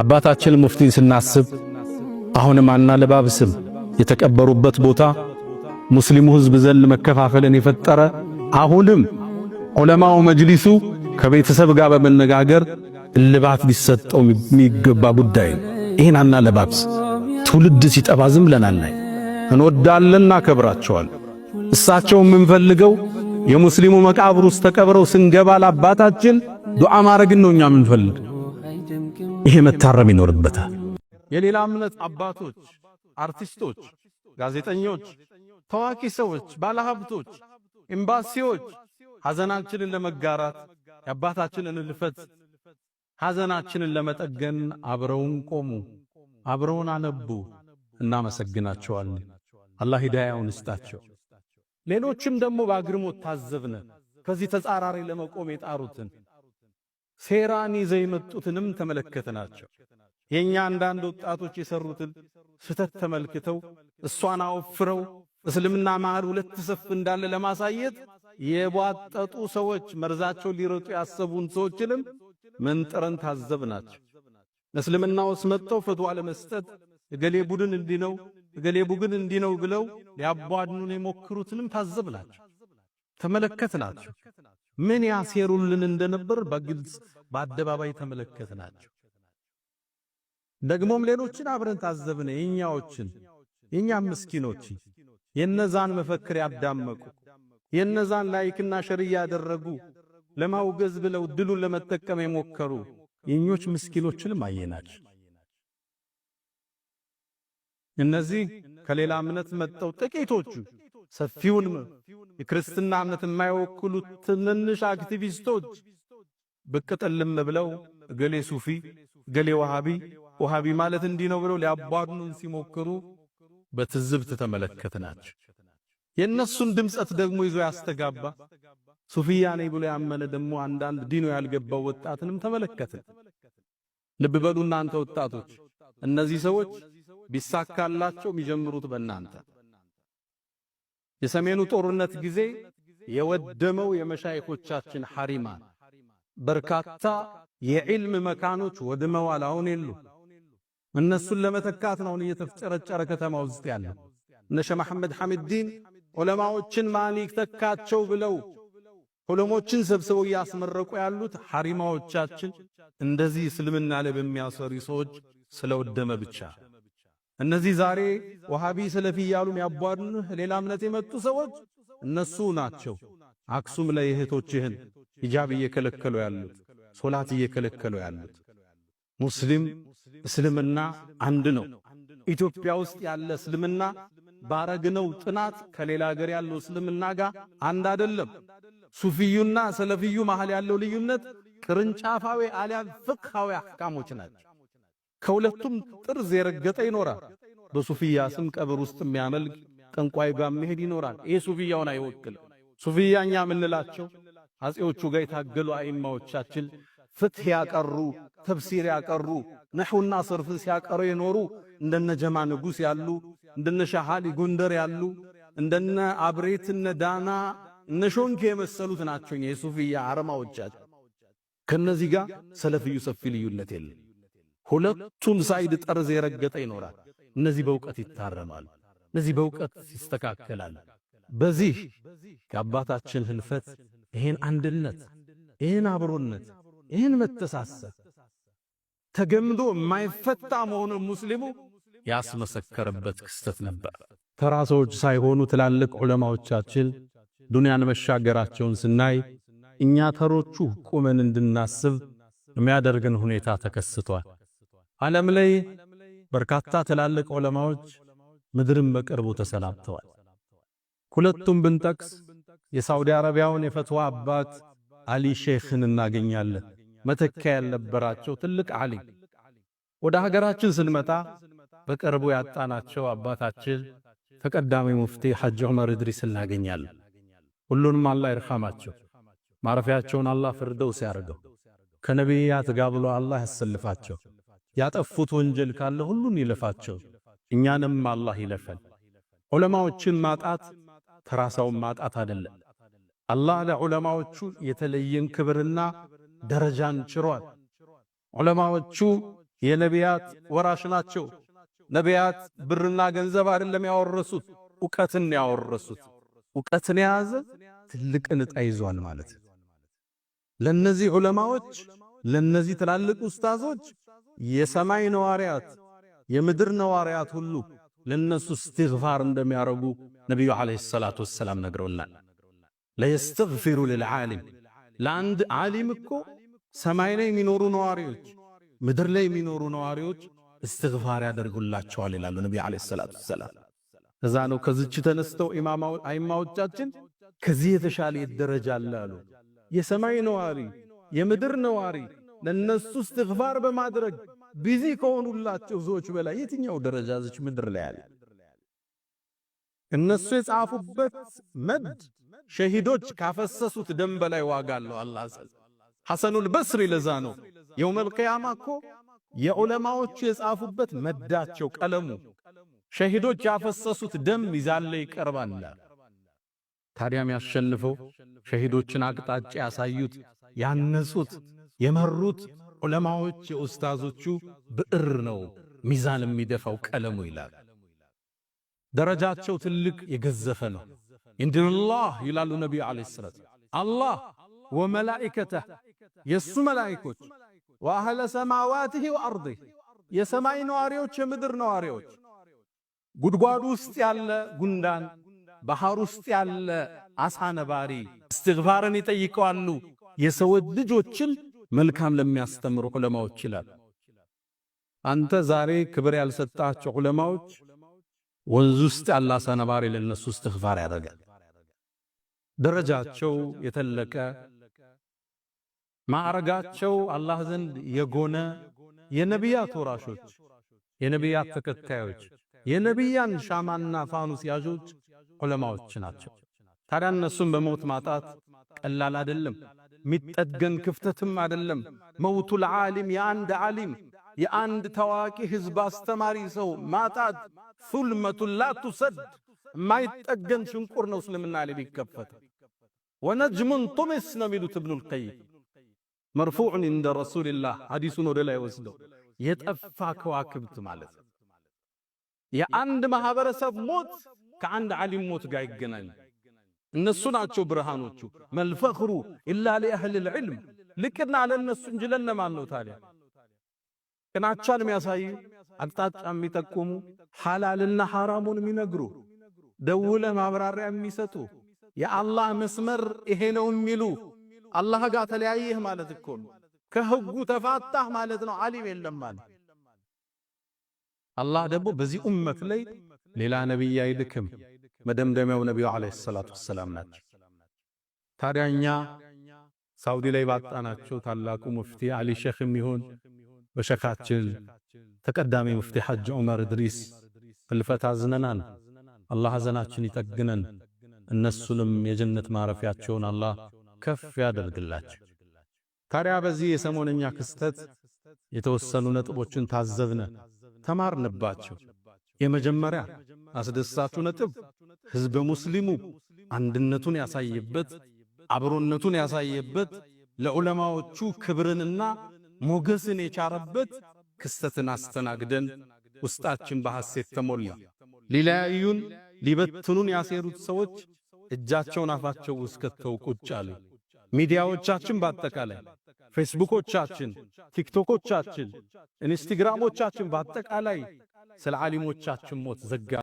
አባታችን ሙፍቲን ስናስብ አሁንም አናለባብስም። የተቀበሩበት ቦታ ሙስሊሙ ሕዝብ ዘንድ መከፋፈልን የፈጠረ አሁንም ዑለማው መጅሊሱ ከቤተሰብ ጋር በመነጋገር እልባት ሊሰጠው የሚገባ ጉዳይ ነው። ይህን አናለባብስ። ትውልድ ሲጠፋ ዝም ብለናል። እንወዳለን፣ እናከብራቸዋለን። እሳቸው የምንፈልገው የሙስሊሙ መቃብር ውስጥ ተቀብረው ስንገባ ለአባታችን ዱዓ ማድረግን ነው እኛ የምንፈልግ ይሄ መታረም ይኖርበታል። የሌላ እምነት አባቶች፣ አርቲስቶች፣ ጋዜጠኞች፣ ታዋቂ ሰዎች፣ ባለሀብቶች፣ ኤምባሲዎች ሐዘናችንን ለመጋራት የአባታችንን ልፈት ሐዘናችንን ለመጠገን አብረውን ቆሙ፣ አብረውን አነቡ። እናመሰግናቸዋለን። አላህ ሂዳያውን እስጣቸው። ሌሎችም ደግሞ በአግርሞት ታዘብነ ከዚህ ተጻራሪ ለመቆም የጣሩትን ሴራን ይዘው የመጡትንም ተመለከትናቸው። የእኛ አንዳንድ ወጣቶች የሰሩትን ስህተት ተመልክተው እሷን አወፍረው እስልምና መሃል ሁለት ሰፍ እንዳለ ለማሳየት የቧጠጡ ሰዎች፣ መርዛቸው ሊረጡ ያሰቡን ሰዎችንም መንጥረን ታዘብናቸው። እስልምና ውስጥ መጥተው ፈትዋ ለመስጠት እገሌ ቡድን እንዲህ ነው እገሌ ቡድን እንዲህ ነው ብለው ሊያቧድኑን የሞክሩትንም ታዘብናቸው፣ ተመለከትናቸው። ምን ያሴሩልን እንደነበር በግልጽ በአደባባይ ተመለከትናቸው። ደግሞም ሌሎችን አብረን ታዘብን። የኛዎችን የኛም ምስኪኖች የነዛን መፈክር ያዳመቁ የነዛን ላይክና ሸር ያደረጉ ለማውገዝ ብለው ድሉን ለመጠቀም የሞከሩ የኞች ምስኪኖችንም አየናቸው። እነዚህ ከሌላ እምነት መጠው ጥቂቶቹ ሰፊውን የክርስትና እምነት የማይወክሉ ትንንሽ አክቲቪስቶች ብቅ ጥልም ብለው እገሌ ሱፊ፣ እገሌ ወሃቢ፣ ወሃቢ ማለት እንዲህ ነው ብለው ሊያባዱን ሲሞክሩ በትዝብት ተመለከትናቸው። የእነሱን ድምፀት ደግሞ ይዞ ያስተጋባ ሱፊያ ነኝ ብሎ ያመነ ደግሞ አንዳንድ ዲኖ ያልገባው ወጣትንም ተመለከትን። ልብ በሉ እናንተ ወጣቶች፣ እነዚህ ሰዎች ቢሳካላቸው የሚጀምሩት በእናንተ የሰሜኑ ጦርነት ጊዜ የወደመው የመሻይኮቻችን ሐሪማ በርካታ የዕልም መካኖች ወድመዋል። አሁን የሉ። እነሱን ለመተካት ነው እየተፍጨረጨረ ከተማ ውስጥ ያለው። እነ መሐመድ ሐሚዲን ዑለማዎችን ማን ይተካቸው ብለው ዑለሞችን ሰብስበው እያስመረቁ ያሉት ሐሪማዎቻችን እንደዚህ እስልምና ላይ በሚያሰሪ ሰዎች ስለወደመ ብቻ እነዚህ ዛሬ ወሃቢ ሰለፊ እያሉ የሚያቧድኑህ ሌላ እምነት የመጡ ሰዎች እነሱ ናቸው። አክሱም ላይ እህቶችህን ሂጃብ እየከለከሉ ያሉት፣ ሶላት እየከለከሉ ያሉት። ሙስሊም እስልምና አንድ ነው። ኢትዮጵያ ውስጥ ያለ እስልምና ባረግነው ጥናት ከሌላ ሀገር ያለው እስልምና ጋር አንድ አይደለም። ሱፊዩና ሰለፊዩ መሃል ያለው ልዩነት ቅርንጫፋዊ አሊያም ፍቅሃዊ አህካሞች ናቸው። ከሁለቱም ጥርዝ የረገጠ ይኖራል። በሱፊያ ስም ቀብር ውስጥ የሚያመልክ ጠንቋይ ጋር መሄድ ይኖራል። ይሄ ሱፊያውን አይወክልም። ሱፊያኛ የምንላቸው አጼዎቹ ጋር የታገሉ አይማዎቻችን ፍትህ ያቀሩ፣ ተፍሲር ያቀሩ፣ ነህውና ሰርፍን ሲያቀሩ የኖሩ እንደነ ጀማ ንጉስ ያሉ እንደነ ሻሃሊ ጎንደር ያሉ እንደነ አብሬት ዳና እነ ሾንኬ የመሰሉት ናቸው የሱፊያ አረማዎቻችን። ከነዚህ ጋር ሰለፍዩ ሰፊ ልዩነት የለም። ሁለቱም ሳይድ ጠርዝ የረገጠ ይኖራል። እነዚህ በእውቀት ይታረማሉ። እነዚህ በእውቀት ይስተካከላሉ። በዚህ ከአባታችን ህልፈት ይህን አንድነት፣ ይህን አብሮነት፣ ይህን መተሳሰብ ተገምዶ የማይፈታ መሆኑ ሙስሊሙ ያስመሰከረበት ክስተት ነበር። ተራ ሰዎች ሳይሆኑ ትላልቅ ዑለማዎቻችን ዱንያን መሻገራቸውን ስናይ እኛ ተሮቹ ቁመን እንድናስብ የሚያደርግን ሁኔታ ተከስቷል። ዓለም ላይ በርካታ ትላልቅ ዑለማዎች ምድርን በቅርቡ ተሰናብተዋል። ሁለቱም ብንጠቅስ የሳውዲ አረቢያውን የፈትዋ አባት አሊ ሼኽን እናገኛለን። መተኪያ ያልነበራቸው ትልቅ ዓሊም። ወደ ሀገራችን ስንመጣ በቅርቡ ያጣናቸው አባታችን ተቀዳሚ ሙፍቲ ሐጅ ዑመር እድሪስ እናገኛለን። ሁሉንም አላህ ይርሐማቸው። ማረፊያቸውን አላህ ፍርደውስ ያርገው። ከነቢያት ጋር ብሎ አላህ ያሰልፋቸው። ያጠፉት ወንጀል ካለ ሁሉን ይለፋቸው፣ እኛንም አላህ ይለፈን። ዑለማዎችን ማጣት ተራ ማጣት አይደለም። አላህ ለዑለማዎቹ የተለየን ክብርና ደረጃን ችሯል። ዑለማዎቹ የነቢያት ወራሽ ናቸው። ነቢያት ብርና ገንዘብ አይደለም ያወረሱት፣ እውቀትን ያወረሱት። እውቀትን የያዘ ትልቅን ዕጣ ይዟል ማለት ለነዚህ ዑለማዎች ለነዚህ ትላልቅ ኡስታዞች የሰማይ ነዋሪያት የምድር ነዋሪያት ሁሉ ለነሱ እስትግፋር እንደሚያረጉ ነቢዩ ዓለይሂ ሰላቱ ወሰላም ነግረውናል። ለየስተግፊሩ ልልዓሊም ለአንድ ዓሊም እኮ ሰማይ ላይ የሚኖሩ ነዋሪዎች፣ ምድር ላይ የሚኖሩ ነዋሪዎች እስትግፋር ያደርጉላቸዋል ይላሉ ነቢዩ ዓለይሂ ሰላቱ ወሰላም። እዛ ነው ከዚች ተነስተው አይማዎቻችን ከዚህ የተሻለ ደረጃ አለ አሉ። የሰማይ ነዋሪ የምድር ነዋሪ ለነሱ እስትግፋር በማድረግ ቢዚ ከሆኑላቸው ሰዎች በላይ የትኛው ደረጃ ዝች ምድር ላይ አለ? እነሱ የጻፉበት መድ ሸሂዶች ካፈሰሱት ደም በላይ ዋጋ አለው። አላህ ዘንድ ሐሰኑል በስሪ ለዛ ነው የውመል ቂያማ እኮ የዑለማዎቹ የጻፉበት መዳቸው ቀለሙ ሸሂዶች ያፈሰሱት ደም ይዛለ ይቀርባል። ታዲያም ያሸንፈው ሸሂዶችን አቅጣጫ ያሳዩት ያነጹት የመሩት ዑለማዎች የኡስታዞቹ ብዕር ነው ሚዛን የሚደፋው ቀለሙ ይላል። ደረጃቸው ትልቅ የገዘፈ ነው። እንድንላህ ይላሉ ነቢዩ ዓለይሂ ሰላም አላህ ወመላኢከተህ የእሱ መላኢኮች ወአህለ ሰማዋትህ ወአርድህ የሰማይ ነዋሪዎች የምድር ነዋሪዎች ጉድጓድ ውስጥ ያለ ጉንዳን ባህር ውስጥ ያለ አሳ ነባሪ እስትግፋርን ይጠይቀዋሉ የሰው ልጆችን መልካም ለሚያስተምሩ ዑለማዎች ይላል። አንተ ዛሬ ክብር ያልሰጣቸው ዑለማዎች ወንዝ ውስጥ ያለ ሰነባሪ ለነሱ እስትግፋር ያደርጋል። ደረጃቸው የተለቀ ማዕረጋቸው አላህ ዘንድ የጎነ የነቢያት ወራሾች፣ የነቢያት ተከታዮች፣ የነቢያን ሻማና ፋኑስ ያዦች ዑለማዎች ናቸው። ታዲያ እነሱን በሞት ማጣት ቀላል አይደለም። ሚጠገን ክፍተትም አይደለም። መውቱል ዓሊም የአንድ ዓሊም የአንድ ታዋቂ ሕዝብ አስተማሪ ሰው ማጣት ሱልመቱን ላቱሰድ ማይጠገን ሽንቁር ነው። እስልምና ላይ ቢከፈት ወነጅሙን ጡምስ ነው ሚሉት እብኑል ቀይም መርፉዕን እንደ ረሱልላህ ሐዲሱን ወደ ላይ ወስደው የጠፋ ከዋክብት ማለት የአንድ ማህበረሰብ ሞት ከአንድ ዓሊም ሞት ጋር ይገናኛል። እነሱ ናቸው ብርሃኖቹ። መልፈኽሩ ኢላ ሊአህል ልዕልም ልቅና ለእነሱ እንጂ ለነማን ነው ታዲያ? ቅናቻን የሚያሳዩ አቅጣጫ የሚጠቁሙ ሐላልና ሐራሙን የሚነግሩ ደውለ ማብራሪያ የሚሰጡ የአላህ መስመር ይሄ ነው የሚሉ አላህ ጋር ተለያየህ ማለት እኮ ነው። ከህጉ ተፋታህ ማለት ነው። ዓሊም የለም ማለት አላህ ደግሞ በዚህ ኡመት ላይ ሌላ ነቢይ አይልክም። መደምደሚያው ነቢዩ ዓለይሂ ሰላቱ ወሰላም ናቸው። ታዲያ እኛ ሳውዲ ላይ ባጣናቸው ታላቁ ሙፍቲ አሊ ሼኽም ይሁን በሸካችን ተቀዳሚ ሙፍቲ ሐጅ ዑመር እድሪስ ህልፈት አዝነናል። አላህ ሐዘናችን ይጠግነን። እነሱንም የጀነት ማረፊያቸውን አላህ ከፍ ያደርግላቸው። ታዲያ በዚህ የሰሞነኛ ክስተት የተወሰኑ ነጥቦችን ታዘብነ፣ ተማርንባቸው። የመጀመሪያ አስደሳቹ ነጥብ ህዝበ ሙስሊሙ አንድነቱን ያሳየበት፣ አብሮነቱን ያሳየበት፣ ለዑለማዎቹ ክብርንና ሞገስን የቻረበት ክስተትን አስተናግደን ውስጣችን በሐሴት ተሞላ። ሊለያዩን ሊበትኑን ያሴሩት ሰዎች እጃቸውን አፋቸው ውስጥ ከተው ቁጭ አሉ። ሚዲያዎቻችን በአጠቃላይ ፌስቡኮቻችን፣ ቲክቶኮቻችን፣ ኢንስታግራሞቻችን በአጠቃላይ ስለ ዓሊሞቻችን ሞት ዘጋ።